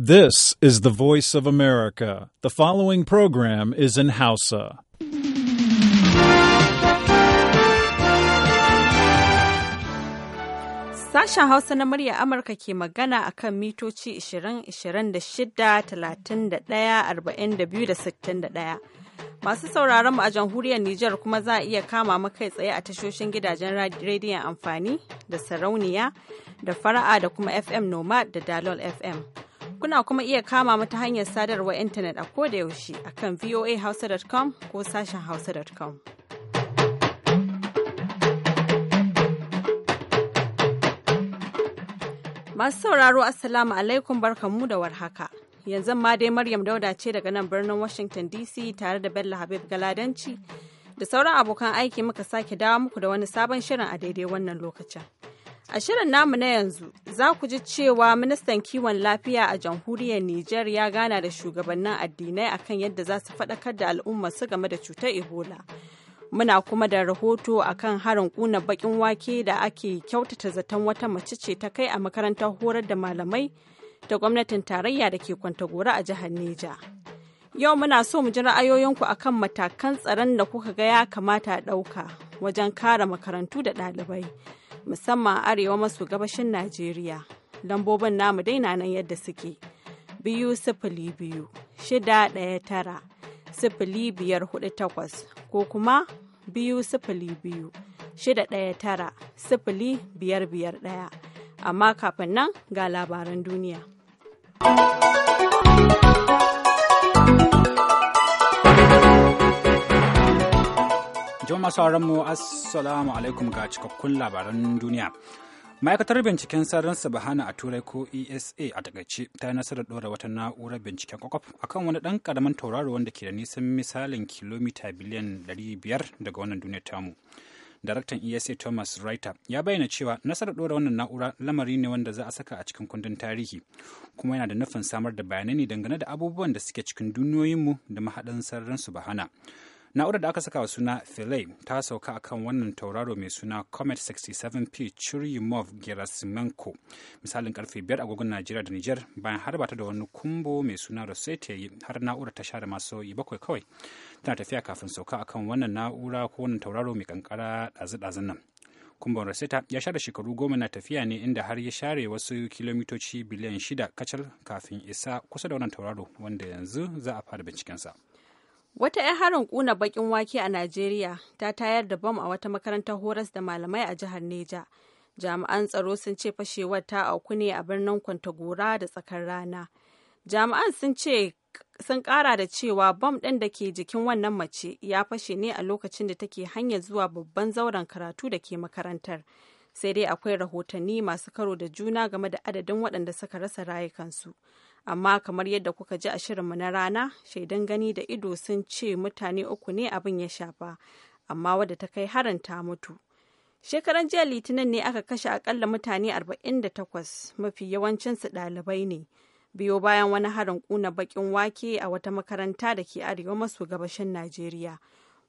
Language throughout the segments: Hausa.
This is the voice of America. The following program is in Hausa. Sashen Hausa na murya Amurka ke magana a kan mitoci 20-26-31-42-61. Masu sauraron mu a jamhuriyar Nijar kuma za a iya kama mu kai tsaye a tashoshin gidajen rediyon amfani da sarauniya da fara'a da kuma FM Nomad da Dalol FM. Kuna kuma iya kama mata hanyar sadarwar intanet a ko da yaushe a akan voahausa.com ko sashen hausa.com. Masu sauraro Assalamu alaikum barkanmu da warhaka. Yanzu ma dai Maryam Dauda ce daga nan birnin Washington DC tare da Bello Habib Galadanci da sauran abokan aiki muka sake dawo muku da wani sabon shirin a daidai wannan lokacin. A shirin namu na yanzu za ku ji cewa ministan kiwon lafiya a jamhuriyar Nijar ya gana da shugabannin addinai akan yadda za su faɗakar da al'umma su game da cutar Ebola. Muna kuma da rahoto akan harin ƙuna baƙin wake da ake kyautata zaton wata mace ce ta kai a makarantar horar da malamai da gwamnatin tarayya da ke kwantagora a jihar Neja. Yau muna so mu ji ra'ayoyinku akan matakan tsaron da kuka ga ya kamata a ɗauka. wajen kare makarantu da ɗalibai musamman arewa maso gabashin najeriya lambobin namu dai na nan yadda suke biyu sifili biyu shida ɗaya tara sifili biyar hudu takwas ko kuma biyu sifili biyu shida ɗaya tara sifili biyar biyar ɗaya amma kafin nan ga labaran duniya. Jama'a sauran mu assalamu alaikum ga cikakkun labaran duniya. Ma'aikatar binciken sararin Sabahana a Turai ko ESA a takaice ta yi nasarar ɗora wata na'urar binciken kwakwaf kan wani ɗan ƙaramin tauraro wanda ke da nisan misalin kilomita biliyan 500 daga wannan duniyar tamu. Daraktan ESA Thomas Reiter ya bayyana cewa nasarar ɗora wannan na'ura lamari ne wanda za a saka a cikin kundin tarihi kuma yana da nufin samar da bayanai ne dangane da abubuwan da suke cikin duniyoyinmu da mahaɗin sararin Subahana. bahana. na'ura da aka saka wa suna philae ta sauka akan wannan tauraro mai suna comet 67p churyumov gerasimenko misalin karfe 5 agogon najeriya da nijar bayan harba ta da wani kumbo mai suna rosetta yi har na'ura ta share masu yi bakwai kawai tana tafiya kafin sauka akan wannan na'ura ko wannan tauraro mai kankara ɗazu-ɗazun nan kumbon rosetta ya sha share shekaru goma na tafiya ne inda har ya share wasu kilomitoci biliyan shida kacal kafin isa kusa da wannan tauraro wanda yanzu za a fara bincikensa. sa Wata 'yan harin kuna bakin wake a Najeriya ta tayar da bam a wata makarantar horas da malamai a jihar Neja. Jami'an tsaro sun ce fashewar ta auku ne a birnin Kwantagora da tsakar rana. Jami'an sun ce sun kara da cewa bam ɗin da ke jikin wannan mace ya fashe ne a lokacin da take hanyar zuwa babban zauren karatu da ke makarantar. Sai dai akwai rahotanni masu karo da juna game da adadin waɗanda suka rasa rayukansu. amma kamar yadda kuka ji a shirinmu na rana shaidan gani da ido sun ce mutane uku ne abin ya shafa amma wadda ta kai harin ta mutu shekaran jiya litinin ne aka kashe akalla mutane 48 mafi yawancinsu ɗalibai ne biyo bayan wani harin kuna bakin wake a wata makaranta da ke arewa maso gabashin najeriya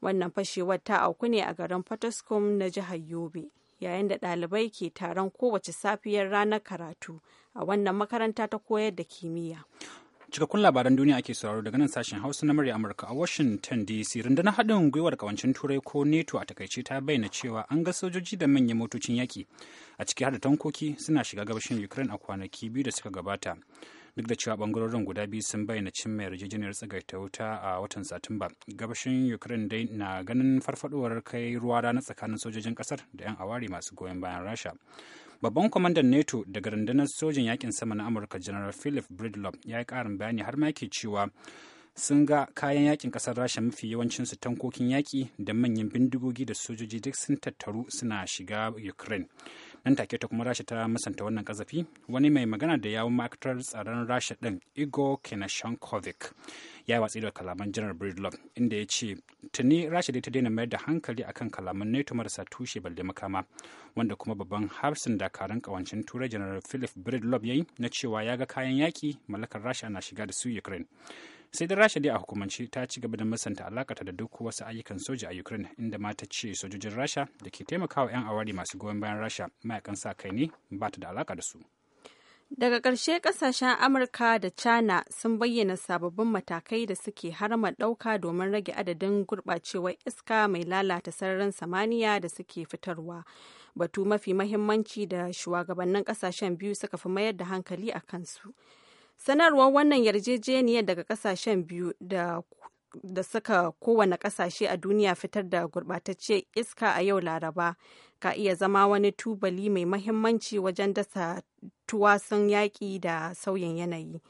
wannan fashewar ta auku ne a garin fataskum na jihar yobe yayin da ɗalibai ke taron kowace safiyar ranar karatu a wannan makaranta ta koyar da kimiyya. cikakkun labaran duniya ake sauraro daga nan sashen hausa na murya amurka a washington dc rundunar haɗin gwiwar kawancin turai ko neto a takaice ta bayyana cewa an ga sojoji da manyan motocin yaƙi a ciki har da tankoki suna shiga gabashin ukraine a kwanaki biyu da suka gabata duk da cewa bangarorin guda biyu sun bayyana cin mai yarjejeniyar tsagaita wuta a watan satumba gabashin ukraine dai na ganin farfadowar kai ruwa rana tsakanin sojojin kasar da 'yan awari masu goyon bayan rasha Babban kwamandan NATO daga rundunar sojin yakin sama na Amurka General Philip Bridlop ya yi ƙarin bayani har ma yake cewa sun ga kayan yakin ƙasar Rasha mafi yawancin su tankokin yaƙi da manyan bindigogi da sojoji duk sun tattaru suna shiga Ukraine. nan take ta kuma rasha ta musanta wannan kazafi wani mai magana da yawun ma'aikatar tsaron rasha din igor kenashankovic ya yi watsi da kalaman janar breedlove inda ya ce tuni rasha dai ta daina mayar da hankali akan kalaman nato marasa tushe balle makama wanda kuma babban hafsin dakarun kawancin turai janar philip breedlove ya yi na cewa ya ga kayan yaki mallakar rasha na shiga da su ukraine sai da rasha dai a hukumance ta ci gaba da musanta alakata da duk wasu ayyukan soja a ukraine inda mata ce sojojin rasha da ke taimakawa 'yan awari masu goyon bayan rasha mayakan sa kai ne ba ta da alaka da su daga ƙarshe ƙasashen amurka da china sun bayyana sababbin matakai da suke harama ɗauka domin rage adadin gurɓacewar iska mai lalata sararin samaniya da suke fitarwa batu mafi mahimmanci da shugabannin ƙasashen biyu suka fi mayar da hankali a kansu sanarwar wannan yarjejeniyar daga kasashen biyu da da suka kowane kasashe a duniya fitar da gurɓatacciyar iska a yau laraba ka iya zama wani tubali mai mahimmanci wajen dasa tuwasun yaƙi da sauyin yanayi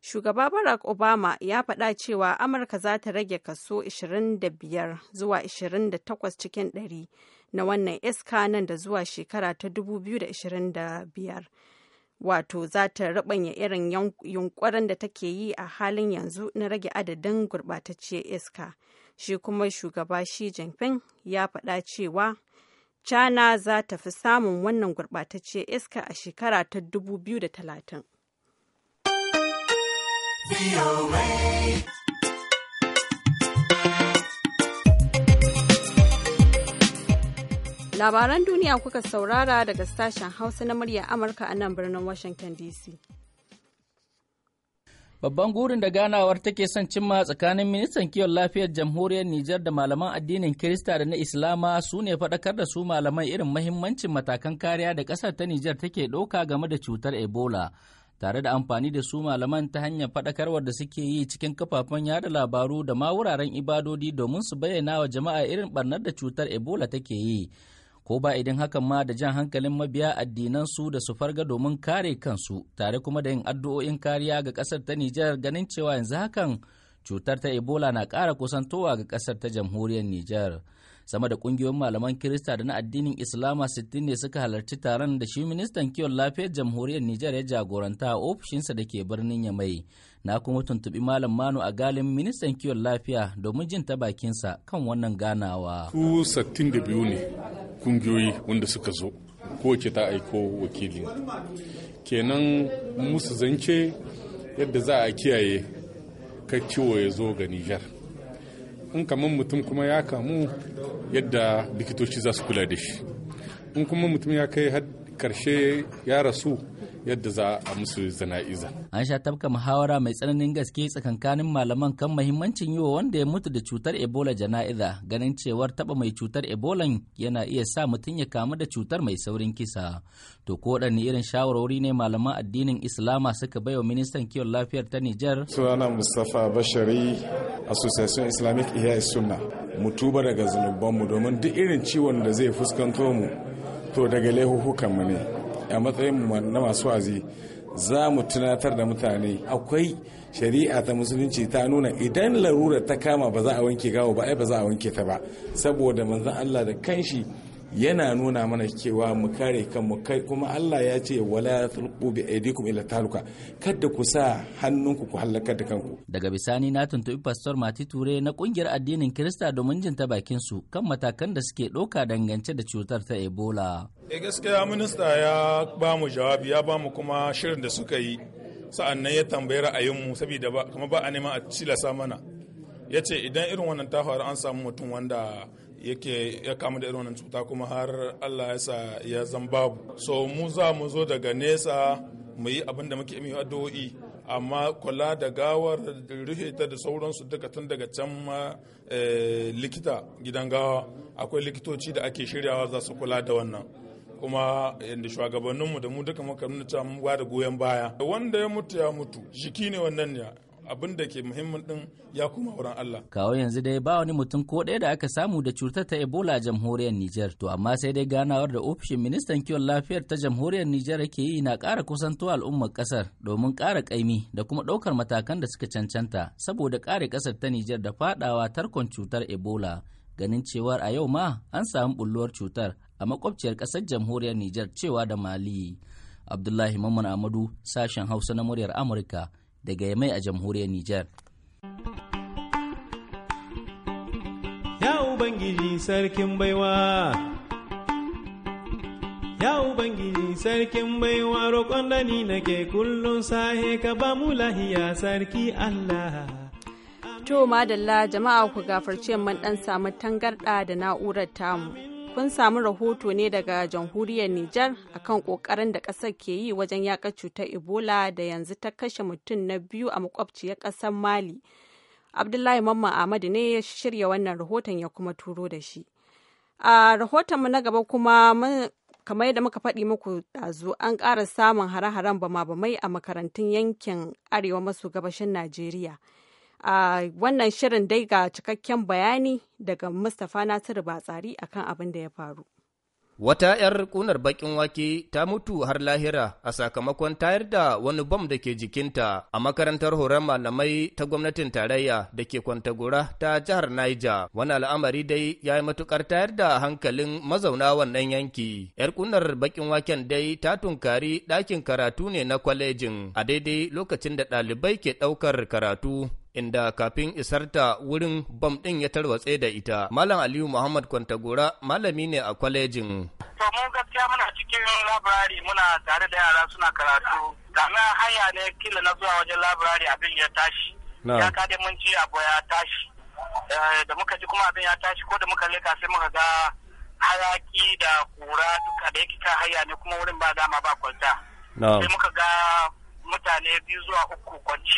shugaba barack obama ya faɗa cewa amurka za ta rage kaso 25 zuwa 28 cikin 100 na wannan iska nan da zuwa shekara ta 2025 wato za ta rabanya irin yunkurin da take yi a halin yanzu na rage adadin gurɓatacciyar iska shi kuma shugaba shi jinping ya faɗa cewa china za ta fi samun wannan gurɓatacciyar iska a shekara ta 2030 Labaran duniya kuka saurara daga sashen Hausa na murya Amurka a nan birnin Washington DC. Babban gurin da ganawar take son cimma tsakanin ministan kiwon lafiyar jamhuriyar Nijar da malaman addinin Kirista da na Islama su ne faɗakar da su malamai irin mahimmancin matakan kariya da ƙasar ta Nijar take ɗauka game da cutar Ebola. tare da amfani da su malaman ta hanyar faɗakarwar da suke yi cikin kafafen yada labaru da ma wuraren ibadodi domin su bayyana wa jama'a irin ɓarnar da cutar ebola take yi ko ba idan hakan ma da jan hankalin mabiya addinansu da su farga domin kare kansu tare kuma da yin addu'o'in kariya ga ƙasar ta Nijar ganin cewa yanzu hakan cutar ta Ebola na ƙara kusantowa ga ƙasar ta jamhuriyar Nijar. sama da kungiyoyin malaman Kirista da na addinin Islama sittin ne suka halarci taron da shi ministan kiwon lafiyar jamhuriyar Nijar ya jagoranta a ofishinsa da ke birnin ya mai Na kuma tuntubi Malam Manu a galin ministan kiwon lafiya domin jin ta bakinsa kan wannan ganawa. Su 62 ne kungiyoyi wanda suka zo ke ta aiko wakili. Kenan musu zance yadda za a kiyaye ka ciwo ya zo ga Nijar. in kamar mutum kuma ya kamu yadda likitoci za su kula da shi in kuma mutum ya kai karshe ya rasu yadda za a musu zana'iza. An sha tafka muhawara mai tsananin gaske tsakankanin malaman kan mahimmancin yi wa wanda ya mutu da cutar Ebola jana'iza ganin cewar taba mai cutar Ebola yana iya sa mutum ya kamu da cutar mai saurin kisa. To ko waɗanne irin shawarwari ne malaman addinin Islama suka baiwa ministan kiwon lafiyar ta Nijar? Sunana Mustapha Bashari, Association Islamic Ihya Sunna. Mu tuba daga zunubanmu domin duk irin ciwon da zai fuskanto mu to daga laihuhukanmu ne a matsayin na masu wazi za mu tunatar da mutane akwai shari'a ta musulunci ta nuna idan larura ta kama ba za a wanke gawo ba ai ba za a wanke ta ba saboda manzon Allah da kanshi yana nuna mana cewa mu kare kanmu kai kuma Allah ya ce wala tulqu bi aydikum ila taluka kada ku sa hannunku ku halakar da kanku daga bisani na tuntubi pastor Mati Ture na kungiyar addinin Kirista domin jin ta bakin su kan matakan da suke doka dangance da cutar ta Ebola eh gaskiya minista ya ba mu jawabi ya ba mu kuma shirin da suka yi sa'an nan ya tambayi mu saboda ba kuma ba a neman a cilasa mana yace idan irin wannan ta faru an samu mutum wanda yake ya kamu da irin wannan cuta kuma har Allah ya sa ya zan babu so mu za mu zo daga nesa mu yi abin da muke yi addu'o'i amma kula da gawar rufe ta da sauransu duka tun daga can ma eh, likita gidan gawa akwai likitoci da ake shiryawa za su kula da wannan kuma yadda shugabanninmu da mu duka muka nuna cewa mu ba da goyon baya wanda ya mutu ya mutu jiki ne wannan ne abin da ke muhimmin din ya kuma wurin Allah. Kawo yanzu dai ba wani mutum ko ɗaya da aka samu da cutar ta Ebola a jamhuriyar Nijar. To amma sai dai ganawar da ofishin ministan kiwon lafiyar ta jamhuriyar Nijar ke yi na ƙara kusantowa al'ummar ƙasar domin ƙara ƙaimi da kuma ɗaukar matakan da suka cancanta saboda ƙare ƙasar ta Nijar da faɗawa tarkon cutar Ebola. Ganin cewar a yau ma an samu bulluwar cutar a makwabciyar ƙasar jamhuriyar Nijar cewa da Mali. Abdullahi Mamman Amadu, sashen Hausa na muryar Amurka, daga Yamai a jamhuriyar Nijar. Ya Ubangiji sarkin baiwa Ya Ubangiji sarkin baiwa roƙon da ni nake kullum sahe ka ba mu lahiya sarki Allah. To madalla jama'a ku gafarce mun ɗan samu tangarɗa da na'urar tamu. kun samu rahoto ne daga jamhuriyar Nijar akan kokarin da ƙasar ke yi wajen yaƙa cutar Ebola da yanzu ta kashe mutum na biyu a makwabciyar ƙasar Mali. Abdullahi Mamman Ahmadu ne ya shirya wannan rahoton ya kuma turo da shi. A rahoton rahotonmu na gaba kuma kamar yadda muka faɗi muku ɗazu an ƙara samun hare-haren bama-bamai a makarantun yankin arewa maso gabashin Najeriya. a wannan shirin dai ga cikakken bayani daga mustapha nasiru batsari akan abin da ya faru Wata ‘yar kunar baƙin wake ta mutu har lahira a sakamakon tayar da wani bom da ke jikinta a makarantar horon malamai ta gwamnatin tarayya da ke Kwantagora ta jihar Niger. Wani al'amari dai ya yi matuƙar tayar da hankalin mazauna wannan yanki. ‘Yar kunar baƙin waken dai ta tunkari ɗakin karatu ne na kwalejin a daidai lokacin da ɗalibai ke ɗaukar karatu. inda kafin isar ta wurin bam ɗin ya tarwatse da ita. Malam Aliyu Muhammad Kwantagora malami ne a kwalejin. To mun gaskiya muna cikin labirari muna tare da yara suna karatu. Dama hanya ne kila na zuwa wajen labirari abin ya tashi. Ya kade mun ci abu ya tashi. Eh, da muka ji kuma abin ya tashi ko da muka leka sai muka ga hayaki da kura duka da yake kan haya ne kuma wurin ba dama ba kwanta. Sai muka ga mutane biyu zuwa uku kwanci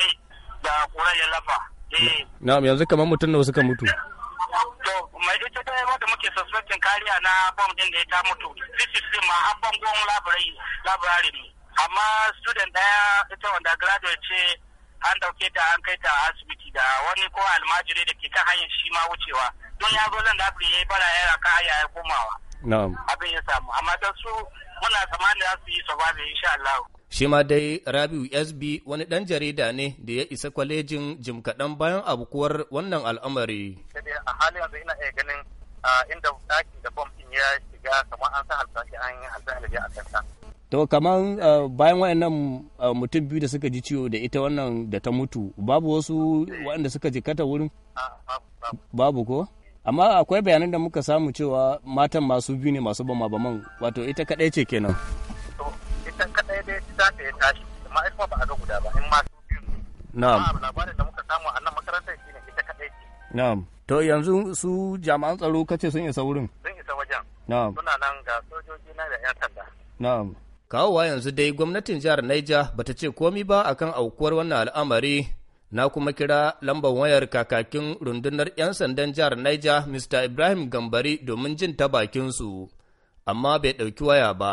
shafa. Eh. Na'am yanzu kamar mutum nawa suka mutu. To mai ita ta da muke suspecting kariya na bom din da ya ta mutu. Fisis din ma an bangon labirari labirari ne. Amma student daya ita wanda graduate ce an dauke ta an kai ta asibiti da wani ko almajiri da ke kan hanyar shi ma wucewa. Don ya zo nan da ya yi bara yana kan hanya ya komawa. Na'am. Abin ya samu amma don su muna tsammanin za su yi survive insha Allah. Shi ma dai Rabiu SB wani ɗan jarida ne da ya isa kwalejin jim kaɗan bayan abukuwar wannan al'amari. a halin yanzu ina iya ganin inda ɗaki da bom ya shiga kamar an sa alfashi an yi alfashi a kansa. To kamar bayan waɗannan mutum biyu da suka ji ciwo da ita wannan da ta mutu babu wasu eh. waɗanda suka ji kata wurin? Babu ko? Amma akwai bayanan da muka samu cewa matan masu biyu ne masu bama baman wato ita kaɗai ce kenan. tashi amma ai kuma ba a ga guda ba in ma su biyu na'am labarin da muka samu a nan makarantar ne ita kadai ce na'am to yanzu su jami'an tsaro kace sun isa wurin sun isa wajen na'am suna nan ga sojoji na da yan sanda na'am kawowa yanzu dai gwamnatin jihar Niger bata ce komi ba akan aukuwar wannan al'amari na kuma kira lambar wayar kakakin rundunar 'yan sandan jihar Niger Mr. Ibrahim Gambari domin jin ta bakinsu, amma bai ɗauki waya ba.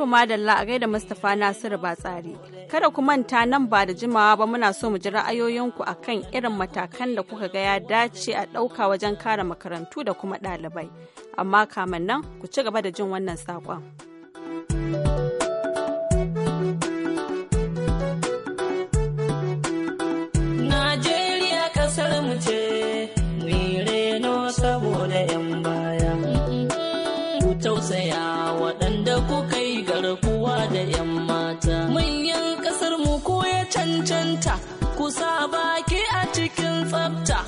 To madalla a gaida Mustapha Nasiru Batsari. Kada ku manta nan ba da jimawa ba muna so mu ji ra'ayoyinku akan irin matakan da kuka ga ya dace a ɗauka wajen kare makarantu da kuma ɗalibai. Amma kamin nan ku ci gaba da jin wannan saƙon. Ku sa baki a cikin tsafta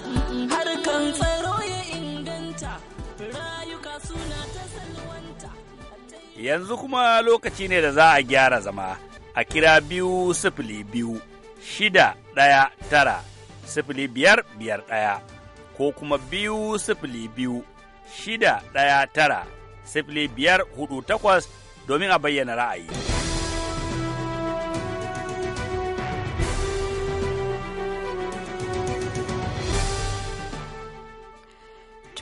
kan tsaro ya inganta rayuka suna ta salwanta yanzu kuma lokaci ne da za a gyara zama a kira biyu sifili biyu shida ɗaya tara sifili biyar biyar ɗaya ko kuma biyu sifili biyu shida ɗaya tara sifili biyar hudu takwas domin a bayyana ra'ayi.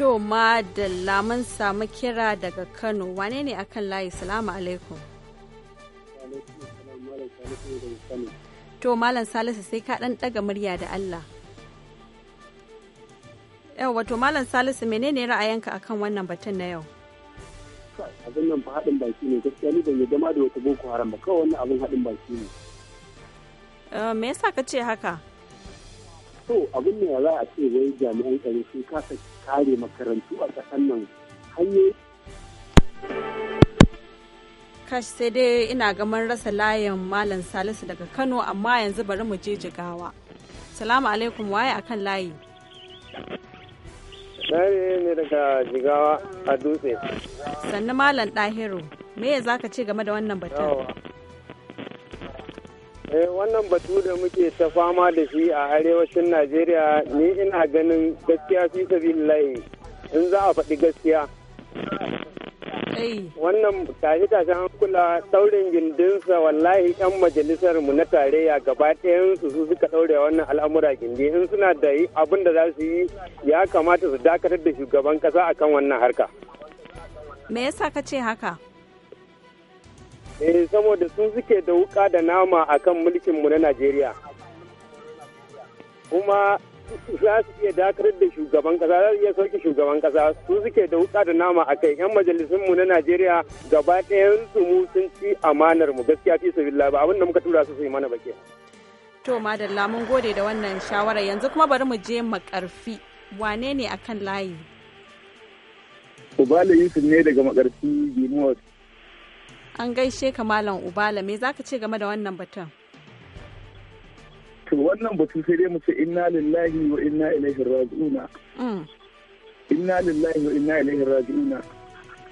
To madalla mun samu kira daga Kano wane ne akan layi salamu alaikum. To Malam Salisu sai ka ɗan ɗaga murya da Allah. Yau wato Malam Salisu menene ra'ayinka akan wannan batun na yau? Abin nan fa haɗin baki ne gaskiya ni ban yadda ma da wata boko haram ba kawai wannan abin haɗin baki ne. Eh, me yasa ka ce haka? to abin ne za a ce wai jami'an tsaro sun kasa kare makarantu a ƙasar nan hanyoyi kash sai dai ina gaman rasa layin malam salisu daga kano amma yanzu bari mu je jigawa salamu alaikum waye akan layi ɗari ne daga jigawa a dutse sannu malam dahiru me za ka ce game da wannan batun Eh, wannan batu da muke ta fama da shi a arewacin najeriya ni ina ganin gaskiya fi sabilillahi in za a faɗi gaskiya wannan tashi tashi an kula saurin gindinsa wallahi yan majalisar mu na tarayya gaba ɗayansu su suka daure wannan al'amura gindi in suna da abin da za su yi ya kamata su dakatar da shugaban kasa akan wannan harka me yasa ka ce haka eh saboda sun suke da wuka da nama a kan mulkinmu na najeriya kuma za su iya dakar da shugaban kasa za su iya sauke shugaban kasa su suke da wuka da nama a kai yan majalisun mu na Najeriya gaba ɗayan su mu sun ci amanar mu gaskiya fi sabilillah ba abin da muka tura su su yi mana bake to madalla mun gode da wannan shawara yanzu kuma bari mu je makarfi wane ne akan layi Ubala Yusuf ne daga makarfi Benue An gaishe ka Malam Ubala me zaka ce game da wannan batun? To wannan batu sai dai mu ce inna lillahi wa inna ilaihi raji'una. Mm. Inna lillahi wa inna ilaihi raji'una.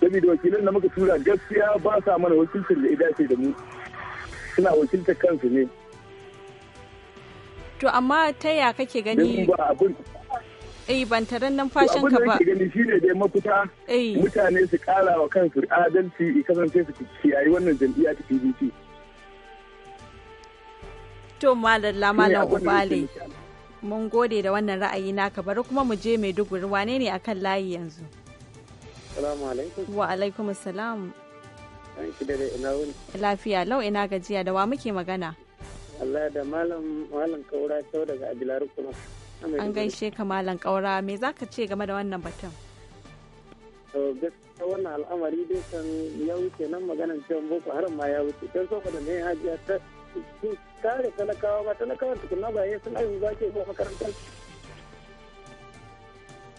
Saboda wakilan da muka tura gaskiya ba sa mana wakilcin da idace da mu. Suna wakiltar kansu ne. To amma ta ya kake gani? eh ban nan numfashin ka ba abin da gani shine dai mafita eh. mutane su kara wa kansu adalci kasance su yi wannan jam'iyya ta PDP to malalla malam ubale mun gode da wannan ra'ayi naka bari kuma mu je Maiduguri wane ne akan layi yanzu Assalamu alaikum. Wa alaikum assalam. Lafiya lau ina gajiya da wa muke magana? Allah da malam malam kaura daga Abilar kuma. an gaishe kamalan kaura me za ka ce game da wannan batun gaskiya wannan al'amari dai kan ya wuce nan maganan cewa boko haram ma ya wuce don saboda mai hajiya ta kare talakawa ba talakawa tukuna ba ya eh, sun aihu za ke zuwa makarantar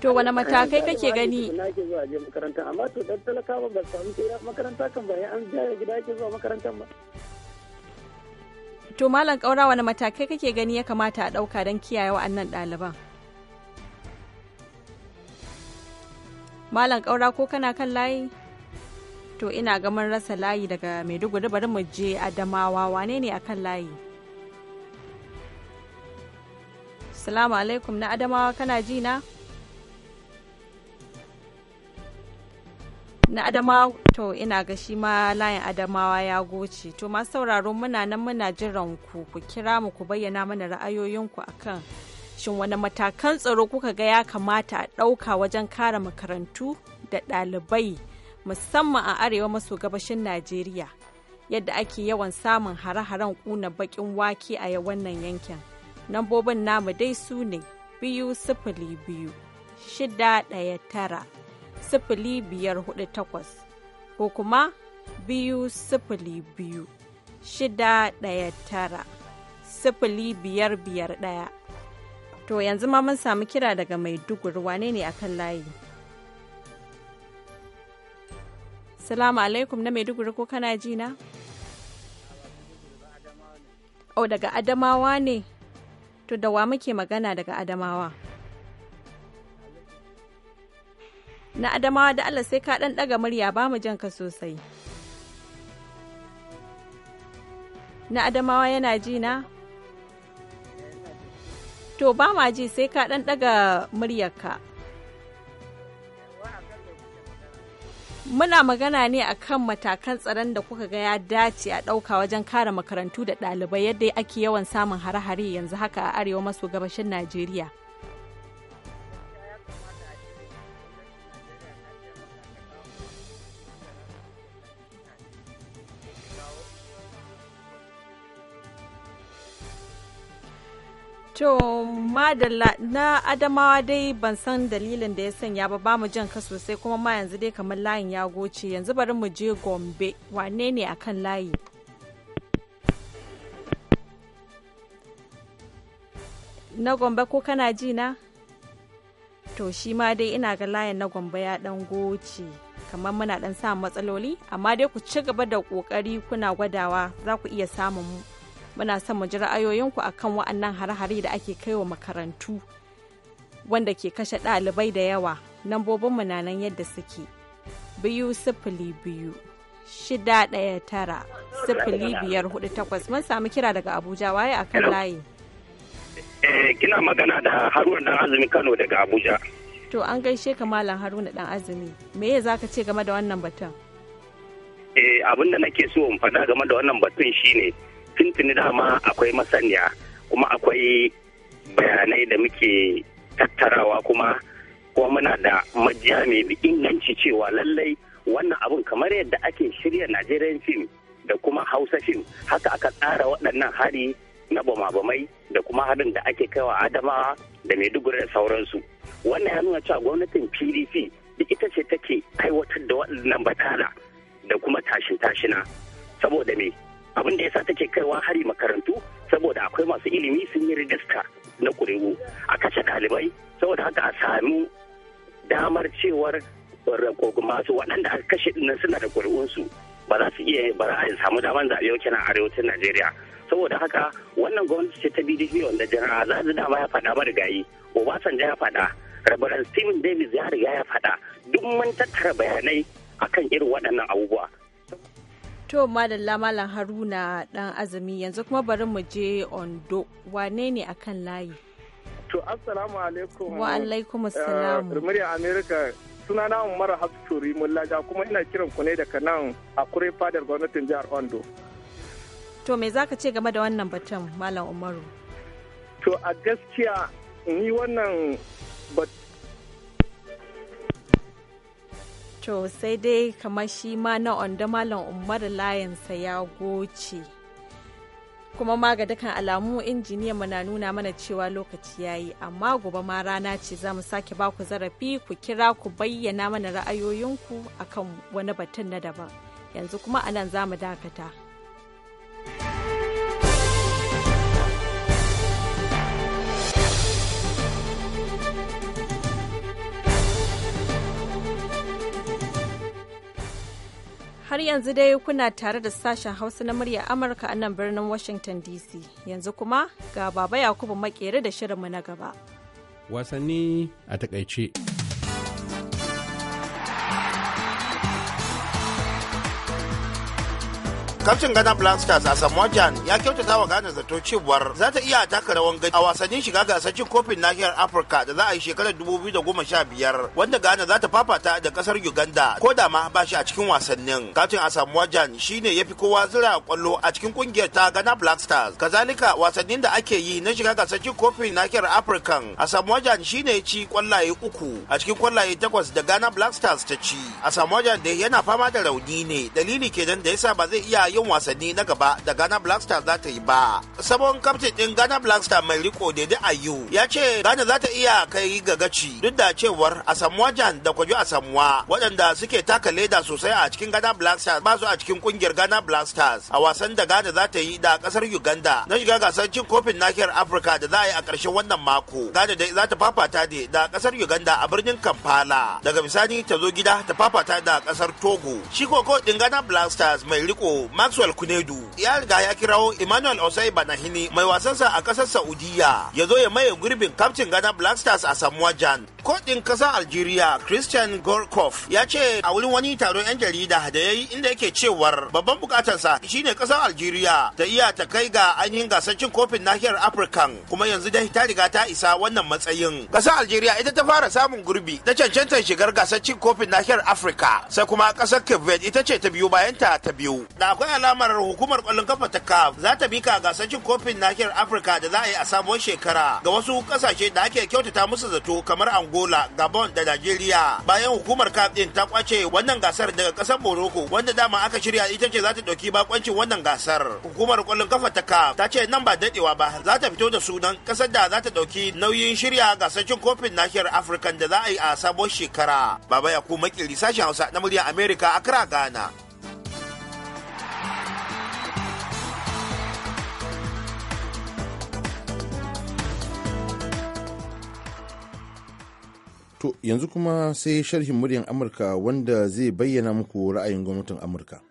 to wani matakai kake gani na ke zuwa je makaranta amma to dan talakawa ba samu sai makaranta kan ba ya eh, an jaya gida ke zuwa makarantar ba To Malam Kaura wani matakai kake gani ya kamata a ɗauka don kiyaye wa'annan ɗaliban? Malam Kaura ko kana kan layi? To ina ga mun rasa layi daga Maiduguri bari mu je Adamawa wane ne akan layi? Salamu alaikum na Adamawa kana ji na? na adamawa to ina ga shi ma layin adamawa ya goce to masu sauraro muna nan muna jiran ku ku kira mu ku bayyana mana ra'ayoyinku akan shin wani matakan tsaro kuka ga ya kamata a ɗauka wajen kare makarantu da ɗalibai musamman a arewa maso gabashin najeriya yadda ake yawan samun hare-haren ƙuna baƙin wake a wannan yankin nambobin namu dai su ne biyu sifili biyu shida ɗaya tara sifili biyar hudu takwas ko kuma biyu sifili biyu shida ɗaya tara sifili biyar biyar ɗaya. To yanzu ma mun samu kira daga Maiduguri wane ne a kan layi? Salamu alaikum na Maiduguri ko kana ji na? O oh, daga Adamawa ne? To da wa muke magana daga Adamawa? na adamawa da Allah sai ka dan daga murya ba mu jan ka sosai. Na adamawa yana ji na? To ba ma ji sai ka dan daga muryarka. Muna magana ne a kan matakan tsaron da kuka ga ya dace a ɗauka wajen kare makarantu da ɗalibai yadda ake yawan samun hare-hare yanzu haka a arewa maso gabashin Najeriya. To madalla na Adamawa dai ban san dalilin da ya sanya ba ba mu jan ka sosai kuma ma yanzu dai kamar layin ya goce yanzu bari mu je Gombe wane ne akan layi? Na Gombe ko kana ji na? To shi ma dai ina ga layin na Gombe ya dan goce kamar muna dan samun matsaloli amma dai ku ci gaba da kokari kuna gwadawa za ku iya samun muna son mu ji ra'ayoyinku akan wa'annan hare-hare da ake kaiwa makarantu wanda ke kashe ɗalibai da yawa lambobinmu na nan yadda suke biyu sifili biyu shida ɗaya tara sifili biyar hudu takwas mun samu kira daga abuja waye a kan layi eh, kina magana da haruna dan azumi kano daga abuja to an gaishe ka malam haruna dan azumi me ya zaka ce game da wannan batun eh abin da nake so in faɗa game da wannan batun shine tuntuni dama akwai masaniya kuma akwai bayanai da muke tattarawa kuma kuma muna da majiya mai inganci cewa lallai wannan abun kamar yadda ake shirya Najeriyan fim da kuma Hausa fim haka aka tsara waɗannan hari na bama-bamai da kuma harin da ake kaiwa Adamawa da Maiduguri da sauransu. Wannan ya nuna cewa gwamnatin PDP duk ita ce take aiwatar da waɗannan batala da kuma tashin-tashina saboda me abin da ya yasa take kaiwa hari makarantu saboda akwai masu ilimi sun yi rijista na kurewu a kashe ɗalibai saboda haka a sami damar cewar masu waɗanda aka kashe dinnan suna da kuri'unsu ba za su iya ba a samu damar zaɓe wakil a arewacin najeriya saboda haka wannan gwamnati ce ta bdp wanda jana za su dama ya faɗa ba rigayi obasanjo ya faɗa rabaran steven davis ya riga ya faɗa duk mun tattara bayanai akan irin waɗannan abubuwa To Madalla Malam Haruna dan azumi yanzu kuma bari mu je Ondo wane ne akan layi? To assalamu alaikum. Wa alaikum eh, assalam. Murya Amerika sunana Umar Hafsuri Mullaja kuma ina kiran ku ne daga nan a kure fadar gwamnatin jihar Ondo. To me zaka ce game da wannan batun Malam Umaru? To a gaskiya ni wannan to sai dai kamar shi ma na onda malam umar layinsa ya goce kuma ma ga dukkan alamu injiniya mu na nuna mana cewa lokaci ya yi amma gobe ma rana ce za mu sake ba ku zarafi ku kira ku bayyana mana ra'ayoyinku akan wani batun na daban yanzu kuma anan za mu dakata har yanzu dai kuna tare da sashen hausa na murya amurka a nan birnin washington dc yanzu kuma ga baba yakubu makere da shirinmu na gaba wasanni a takaice. Kaftin Ghana Black Stars a Samojan ya kyautata wa Ghana zato cewar za ta iya taka rawan gani a wasannin shiga gasar cin kofin nahiyar Afirka da za a yi shekarar dubu da goma sha biyar. wanda Ghana za ta fafata da kasar Uganda ko da ma ba shi a cikin wasannin. Kaftin a Samojan shine ya fi kowa zira kwallo a cikin kungiyar ta Ghana Black Stars. Kazalika wasannin da ake yi na shiga gasar cin kofin nahiyar Afirka a Samojan shine ya ci kwallaye uku a cikin kwallaye takwas da Ghana Black Stars ta ci. A Samojan da yana fama da rauni ne dalili kenan da yasa ba zai iya yin wasanni na gaba da Ghana Black Stars za ta yi ba. Sabon kaftin din Ghana Black Stars mai riko Dede Ayu ya ce Ghana za ta iya kai ga gaci duk da cewar Asamuwa Jan da Kwajo Asamuwa waɗanda suke taka leda sosai a cikin Ghana Black Stars ba su a cikin kungiyar Ghana Black Stars a wasan da Ghana za ta yi da ƙasar Uganda na shiga gasar cin kofin nahiyar Afirka da za a yi a ƙarshen wannan mako. Ghana dai za ta fafata ne da ƙasar Uganda a birnin Kampala. Daga bisani ta zo gida ta fafata da ƙasar Togo. Shi koko din Ghana Black Stars mai riko Maxwell Kunedu ya riga ya kirawo Emmanuel Osai Banahini mai wasansa a ƙasar Saudiya ya zo ya maye gurbin kaftin Ghana Black Stars a Samuwa Jan Koɗin ƙasar Algeria Christian Gorkov ya ce a wurin wani taron 'yan jarida da ya yi inda yake cewar babban bukatarsa shine ƙasar Algeria ta iya ta kai ga ainihin gasar cin kofin nahiyar Afirka kuma yanzu dai ta riga ta isa wannan matsayin. Ƙasar Algeria ita ta fara samun gurbi ta cancanta shigar gasar cin kofin nahiyar Afirka sai kuma ƙasar Cape ita ce ta biyu bayan ta ta biyu. Da akwai alamar hukumar kwallon kafa ta kaf za ta bika gasar cin kofin nahiyar Afirka da za a yi a sabuwar shekara ga wasu kasashe da ake kyautata musu zato kamar Angola. angola gabon da najeriya bayan hukumar caf din ta kwace wannan gasar daga kasar morocco wanda dama aka shirya ita ce za ta ɗauki bakoncin wannan gasar hukumar kwallon kafa ta caf ta ce nan ba daɗewa ba za ta fito da sunan kasar da za ta ɗauki nauyin shirya gasar cin kofin nahiyar afirka da za a yi a sabon shekara baba yakubu makili sashen hausa na murya america kira ghana To yanzu kuma sai sharhin muryan Amurka wanda zai bayyana muku ra'ayin gwamnatin Amurka.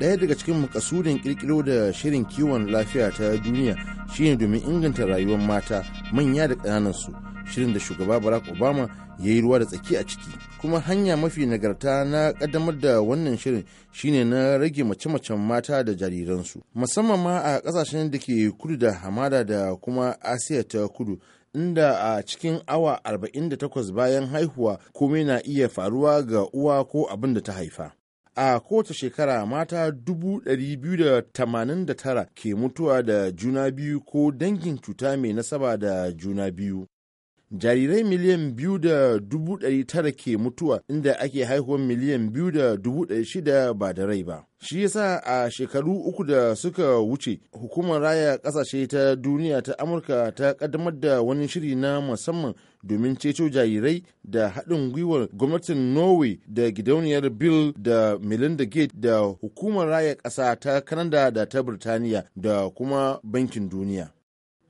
Ɗaya daga cikin makasudin ƙirƙiro da shirin kiwon lafiya ta duniya shine domin inganta rayuwar mata manya da su shirin da shugaba Barack Obama ya yi ruwa da tsaki a ciki. kuma hanya mafi nagarta na kaddamar da wannan shirin shine na rage mace-macen mata da jariransu musamman ma a kasashen da ke kudu da hamada da kuma asiya ta kudu inda a cikin awa 48 bayan haihuwa komai na iya faruwa ga uwa ko abin da ta haifa a kowace shekara mata 289 ke mutuwa da juna biyu ko dangin cuta mai nasaba da juna biyu jarirai miliyan biyu da dubu ɗari tara ke mutuwa inda ake haihuwar miliyan biyu da dubu ɗari shida ba da rai ba. Shi yasa a shekaru uku da suka wuce hukumar raya ƙasashe ta duniya ta Amurka ta ƙaddamar da wani shiri na musamman domin ceto jarirai da haɗin gwiwar gwamnatin Norway da gidauniyar Bill da Melinda gate da hukumar raya ƙasa ta Kanada da ta Birtaniya da kuma Bankin Duniya.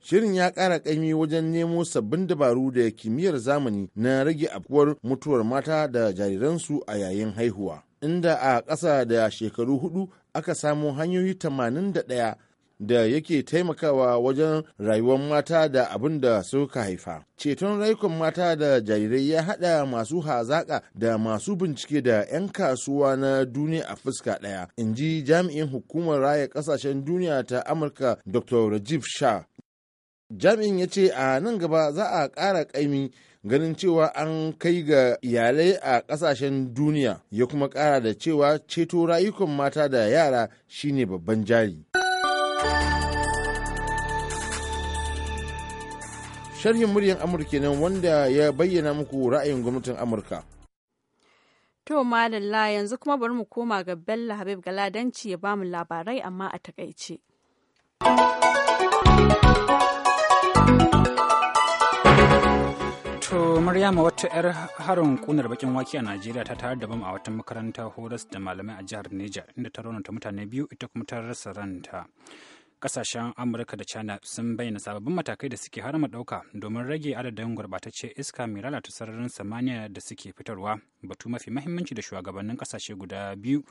Shirin ya ƙara ƙaimi wajen nemo sabbin dabaru da kimiyyar zamani na rage afkuwar mutuwar mata da jariransu a yayin haihuwa. Inda a ƙasa da shekaru hudu aka samo hanyoyi 81 da yake taimakawa wajen rayuwar mata da abin da suka haifa. Ceton raikon mata da jarirai ya haɗa masu hazaƙa da masu bincike da 'yan kasuwa na duniya a fuska ɗaya, in ji jami'in hukumar raya ƙasashen duniya ta Amurka Dr. Rajiv Shah jami'in ya ce a nan gaba za a ƙara ƙaimi ganin cewa an kai ga iyalai a ƙasashen duniya ya kuma ƙara da cewa ceto rayukan mata da yara shine babban jari sharhin muryan amurka nan wanda ya bayyana muku ra'ayin gwamnatin amurka to malalla yanzu kuma bari mu koma ga bello habib galadanci ya bamu labarai amma a takaice To Maryama wata 'yar harin kunar bakin wake a Najeriya ta tayar da bam a wata makaranta horas da malamai a jihar Neja inda ta raunata mutane biyu ita kuma ta rasa ranta. kasashen amurka da china sun bayyana sababbin matakai da suke harama ɗauka domin rage adadin gurɓatacce iska mai lalata sararin samaniya da suke fitarwa batu mafi mahimmanci da shugabannin kasashe guda biyu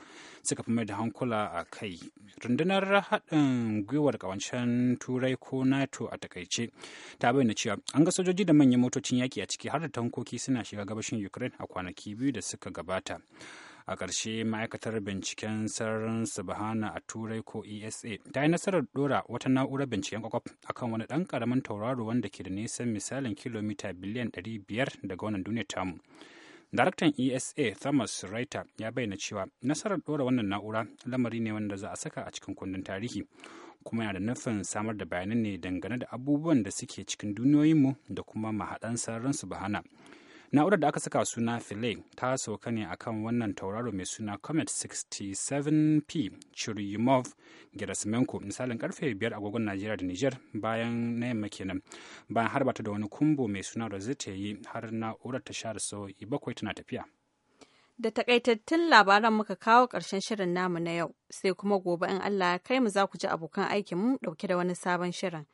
suka fi mai da hankula a kai rundunar haɗin gwiwar ƙawancen turai ko nato a takaice ta bayyana cewa an ga sojoji da manyan motocin yaki a ciki har da tankoki suna shiga gabashin ukraine a kwanaki biyu da suka gabata a ƙarshe ma'aikatar binciken sararin subhana a turai ko esa ta yi nasarar dora wata na'urar binciken kwakwaf kan wani ɗan ƙaramin tauraro wanda ke da nisan misalin kilomita biliyan 500 daga wannan duniyar tamu daraktan esa thomas reiter ya bayyana cewa nasarar dora wannan na'ura lamari ne wanda za a saka a cikin kundin tarihi kuma yana da nufin samar da bayanan ne dangane da abubuwan da suke cikin duniyoyinmu da kuma mahaɗan sararin subhana na'urar da aka saka suna Philae ta sauka ne akan wannan tauraro mai suna Comet 67P Churyumov Gerasimenko misalin karfe 5 agogon Najeriya da Niger bayan na yamma kenan bayan har bata da wani kumbo mai suna da zai yi har na'urar ta sha share sau'i bakwai tana tafiya. Da takaitattun labaran muka kawo karshen shirin namu na yau sai kuma gobe in Allah ya kai mu za ku ji abokan mu ɗauke da wani sabon shirin.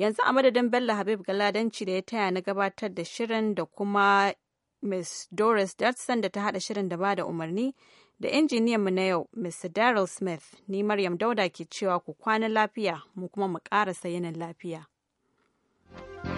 yanzu a madadin bello habib galadanci da ya taya na gabatar da shirin da kuma miss doris dodson da ta hada shirin da ba da umarni da injiniyan mu na yau mr daryl smith ni maryam dauda ke cewa ku kwana lafiya mu kuma mu ƙara sayanin lafiya. thank you